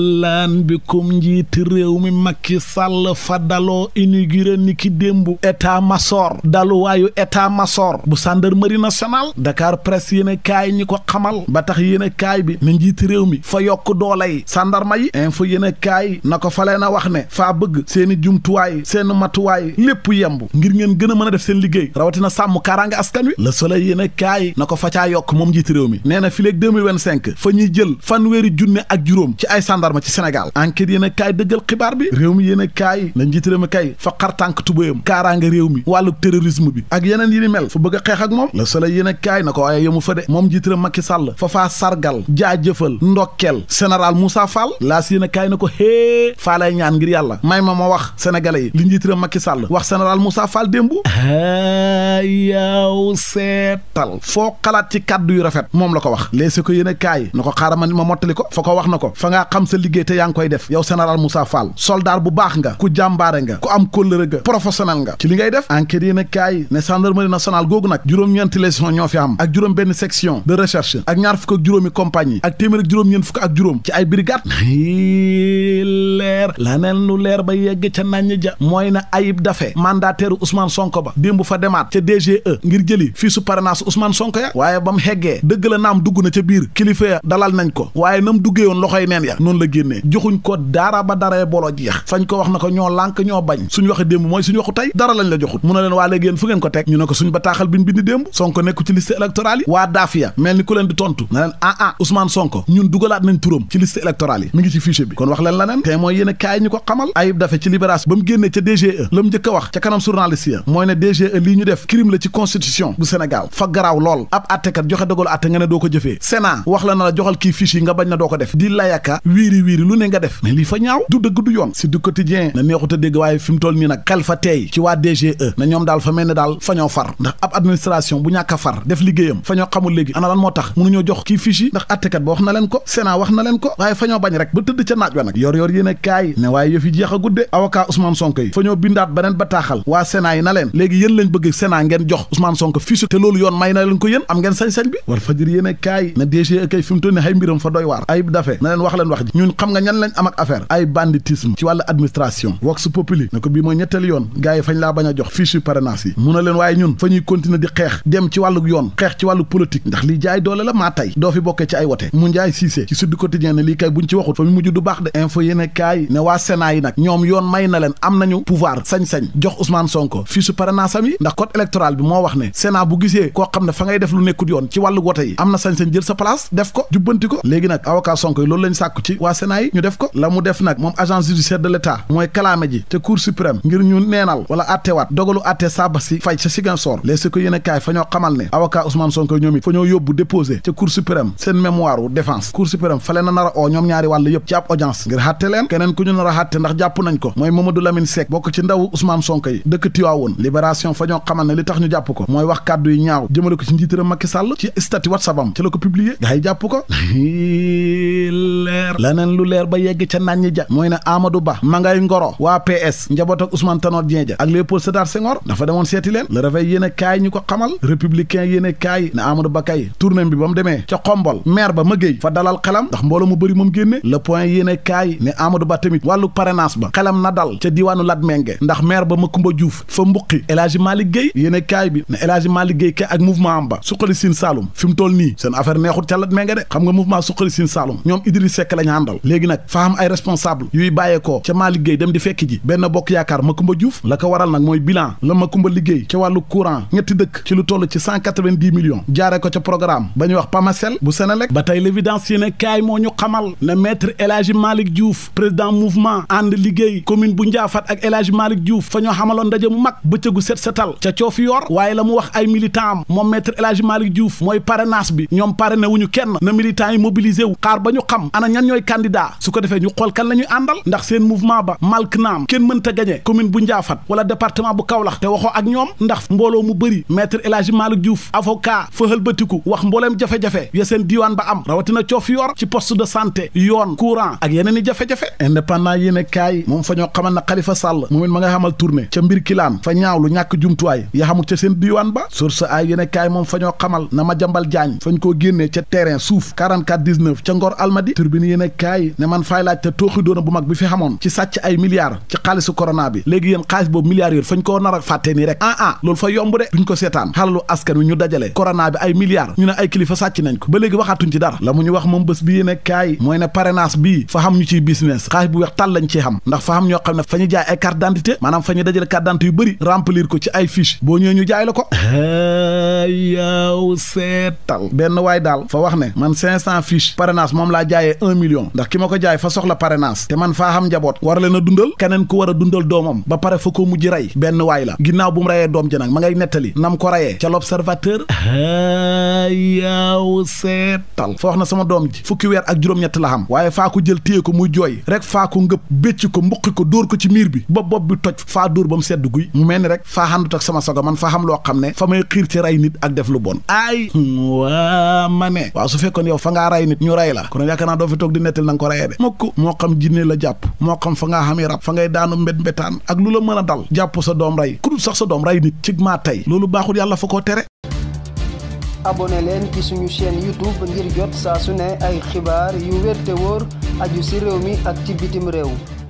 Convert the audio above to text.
lan bikum njiiti réew mi Macky Sall fa daloo inauguré ni ki démbu état masoor daluwaayu état masoor bu gendarmerie nationale Dakar presse yéen a kaay ñi ko xamal ba tax yéen a kaay bi na njiiti réew mi fa yokk doole yi gendarme yi info yéen a kaay na ko fa leen a wax ne faa bëgg seeni jumtuwaay seen matuwaay lépp yemb ngir ngeen gën a mën a def seen liggéey rawatina sàmm kaaraange askan wi Le Soleil yéen a kaay na ko fa caa yokk moom njiiti réew mi nee na fileeg tënk fa ñuy jël fanweeri junne ak juróom ci ay sandarma ci Sénégal enquête yéen a kaay dëggal xibaar bi réew mi yéen a kaay la njiit réew mi kay fa xar tànk tubéyam kaaraange réew mi wàllu terrorisme bi ak yeneen yi ni mel fa bëgg a xeex ak moom Le Soleil yéen a kaay na ko waaye yemu fa de moom njiit réew Macky Sall fa faa sargal jaajëfal ndokkel général Moussa Fall laas yéen a na ko hee faa lay ñaan ngir yàlla may ma ma wax sénégalais yi li njiit réew Macky Sall wax s Moussa Fall démbu yaw seetal gaay na ko xaaral ma mottali ko fa ko wax na ko fa ngaa xam sa liggéey te yaa koy def yow général Moussa Fall soldaar bu baax nga ku jàmbaare nga ku am kóllëre nga professionnel nga ci li ngay def enquête yi nag juróom-ñeenti légion ñoo fi am ak juróom benn section de recherche ak ñaar fukk ak juróomi compagnie ak téeméer ak juróom ci ay brigade leer la neen lu leer ba yegg ca naññ ja mooy na Ayib Daffé mandataire Ousmane Sonko ba démb fa demaat ca DGE ngir jëli fii su parrainage Ousmane Sonko ya waaye ba mu xeggee dëgg la naam dugg na fee dalal nañ ko waaye nam duggee woon loxoy neen ya noonu la génnee joxuñ ko daara ba daree bolo jeex fañ ko wax na ko ñoo lànk ñoo bañ suñu waxe démb mooy suñu waxu tey dara lañ la joxut mu ne leen waa léegi yéen fu ngeen ko teg ñu ne ko suñ bataaxal biñ bindi démb Sonko nekku ci liste électorale yi waa na leen ah ah Ousmane Sonko ñun dugalaat nañ turam ci liste électorale yi mi ngi ci fichier bi kon wax leen la neen tey mooy yéen a kaay ñu ko xamal ayib dafe ci libération ba mu génnee ca DGE la mu njëkk a wax ca kanam la na la joxal kii fiche yi nga bañ na doo ko def di layaka wiiri wiiri lu ne nga def mais lii fa ñaaw du dëgg du yoon si du quotidien na neexut a dégg waaye fi nii nag kal fa teey ci waa DGE na ñoom daal fa mel ne daal fa far ndax ab administration bu ñàkk a far def liggéeyam fa ñoo léegi ana lan moo tax mënu jox kii fiche yi ndax attekat ba wax na leen ko Sénat wax na leen ko waaye fa bañ rek ba tëdd ca naaj wa nag yor yor a yéen tey fi mu toll nii ay mbiram fa doy waar ayib dafe na leen wax leen wax ji ñun xam nga ñan lañ am ak affaire ay banditisme ci wàllu administration vox populi ne ko bii mooy ñetteel yoon gars fañ laa bañ a jox fiche parrainage yi mu na leen waaye ñun fa ñuy continuer di xeex dem ci wàllu yoon xeex ci wàllu politique ndax lii jaay doole la maa tey doo fi bokkee ci ay wote mu njaay siisee ci Sud Quotidien ne lii kay buñ ci waxut fa mu mujj du baax de info yéene kaay ñoom yoon may na leen am nañu pouvoir sañ-sañ jox Ousmane Sonko fiche parrainage am yi ndax code électoral bi moo wax ne Sénat bu gisee koo xam ne fa ngay def lu nekkut yoon ci wàllu wote am na sañ-sañ sa place def ko jubbanti ko léegi nag avocat Sonko yi loolu lañ sàkku ci waa Sénat yi ñu def ko la mu def nag moom agence judiciaire de l'État mooy kalaame ji te cour suprême ngir ñu neenal wala attewaat dogalu atte saba si fay sa Ziguinchor les si ko yéen kaay fa ñoo xamal ne avocat Ousmane Sonko ñoom it fa ñoo yóbbu déposé ca cour suprême seen mémoire wu défense cour suprême fa leen a nar oo ñoom ñaari wàll yëpp ci ab audience ngir xàtte leen keneen ku ñu nar a jàpp nañ ko mooy Mamadou Lamine Seck bokk ci ndaw Ousmane Sonko yi dëkk Tiwaawoon libération fa ne tax ñu jàpp ko mooy wax kàddu yi ñaaw jëmale ko ci njiitaram Macky Sall ci statut WhatsApp am ci la ko publier gaa jàpp ko leer laneen lu leer ba yegg ca naan ñi ja mooy ne Amadou Ba ma ngay ngoro waa PS njaboot ak Ousmane Tanor Dieng ja ak Léopold Sédar Senghor dafa demoon seeti leen Le Réveil yéen a kaay ñu ko xamal républicain yéen a kaay ne Amadou Ba kay tournée bi ba mu demee ca xombol maire ba ma géey fa dalal xelam ndax mbooloo mu bëri moom génne Le Point yéen a kaay ne Amadou Ba tamit wàllu parrainage ba xelam na dal ca diiwaanu Latmingué ndax maire ba Macoumba Diouf fa mbuqi El Hadji Malick Guèye yéen a kaay bi ne El Hadji Malick Guèye kay ak mouvement am ba suqali ga de xam nga mouvement suqali siin Saloum ñoom Idriss Seck la ñu léegi nag fa am ay responsable yuy bàyyeekoo ca maa liggéey dem di fekk ji benn bokk yaakaar Makumba Diouf la ko waral nag mooy bilan la Makumba liggéey ca wàllu courant ñetti dëkk ci lu toll ci cent quatre-vingt-dix millions jaare ko ca programme ba ñuy wax Pamacel bu Sénélec ba tey l'évidence yéen kaay moo ñu xamal na maître El Hadji Malick Diouf président ànd liggéey commune bu Ndiaafat ak El Hadji Malick mu mag bëccëgu set setal ca la mu wax ay militant am moom maître El Hadji Malick Diouf mooy parrainage bi ñoom parrainé wuñu kenn tànn na militants yi mobilisé wu xaar ba ñu xam ana ñan ñooy candidat su ko defee ñu xool kan la ñuy àndal ndax seen mouvement ba malk naam kenn mënta gañe commune bu Njaafat wala département bu Kaolack te waxoo ak ñoom ndax mbooloo mu bëri maître El Hadji Malick Diouf avocat fëhal wax mbooleem jafe-jafe ya seen diiwaan ba am rawatina coof yor ci poste de santé yoon courant ak yeneen i jafe-jafe indépendant yéene kaay moom fa ñoo xamal na Khalifa Sall moom it ma nga xamal tournée ca mbir kilaan fa ñaaw lu ñàkk jumtuwaay ya xamul ca seen diiwaan ba source ay yéene kaay moom fa xamal na ma jambal jaañ fañ koo génnee ca terrain suuf 44 19 ca Ngor Almadi turbine yéen a kaay ne man fay laaj te tooxi doona bu mag bi fi xamoon ci sàcc ay milliards ci xaalisu corona bi léegi yéen xaalis boobu milliards yooyu fañ ko nar a fàttee nii rek ah ah loolu fa yomb de duñ ko seetaan xalalu askan wi ñu dajale corona bi ay milliards ñu ne ay kilifa sàcc nañ ko ba léegi waxaatuñ ci dara la mu ñu wax moom bés bi yéen a kaay mooy ne parrainage bii fa xam ñu ciy business xaalis bu weex tàll lañ ciy xam ndax ñoo xam ne fa ñu jaay ay carte d'identité maanaam fa ñu dajale ay fiche boo ñëwee ñu ko yaaw seetal waay daal fa wax ne man 500 fiche parrainage moom laa jaayee 1 million ndax ki ma ko jaay fa soxla parrainage te man faa xam njaboot war leen a dundal keneen ku war a dundal doomam ba pare fa ko mujj rey benn waay la ginnaaw bu mu reyee doom ji ma ngay nettali nam ko reyee ca l'observateur yaaw seetal fa wax na sama doom ji fukki weer ak juróom-ñett la xam waaye faa ko jël téye ko mu jooy rek faa ko ngëb bécc ko mbuqi ko dóor ko ci miir bi ba bopp bi toj faa dóor ba mu sedd guy mu mel ni rek faa xàndut ak sama sogo man faa xam xam ne fa may xiir ci rey nit ak def lu bon aay ma fekkoon yow fa ngaa ray nit ñu ray la kon yaakaar naa doo fi toog di nettal na nga ko rayee de mokk moo xam jinne la jàpp moo xam fa nga xamee rab fa ngay daanu mbét mbétaan ak lu la mën a dal jàpp sa doom ray ku sax sa doom ray nit cig maa tey loolu baaxul yàlla fa ko tere abonné leen ci suñu seen youtube ngir jot saa su ne ay xibaar yu wér te wóor aju si réew mi ak ci bitim réew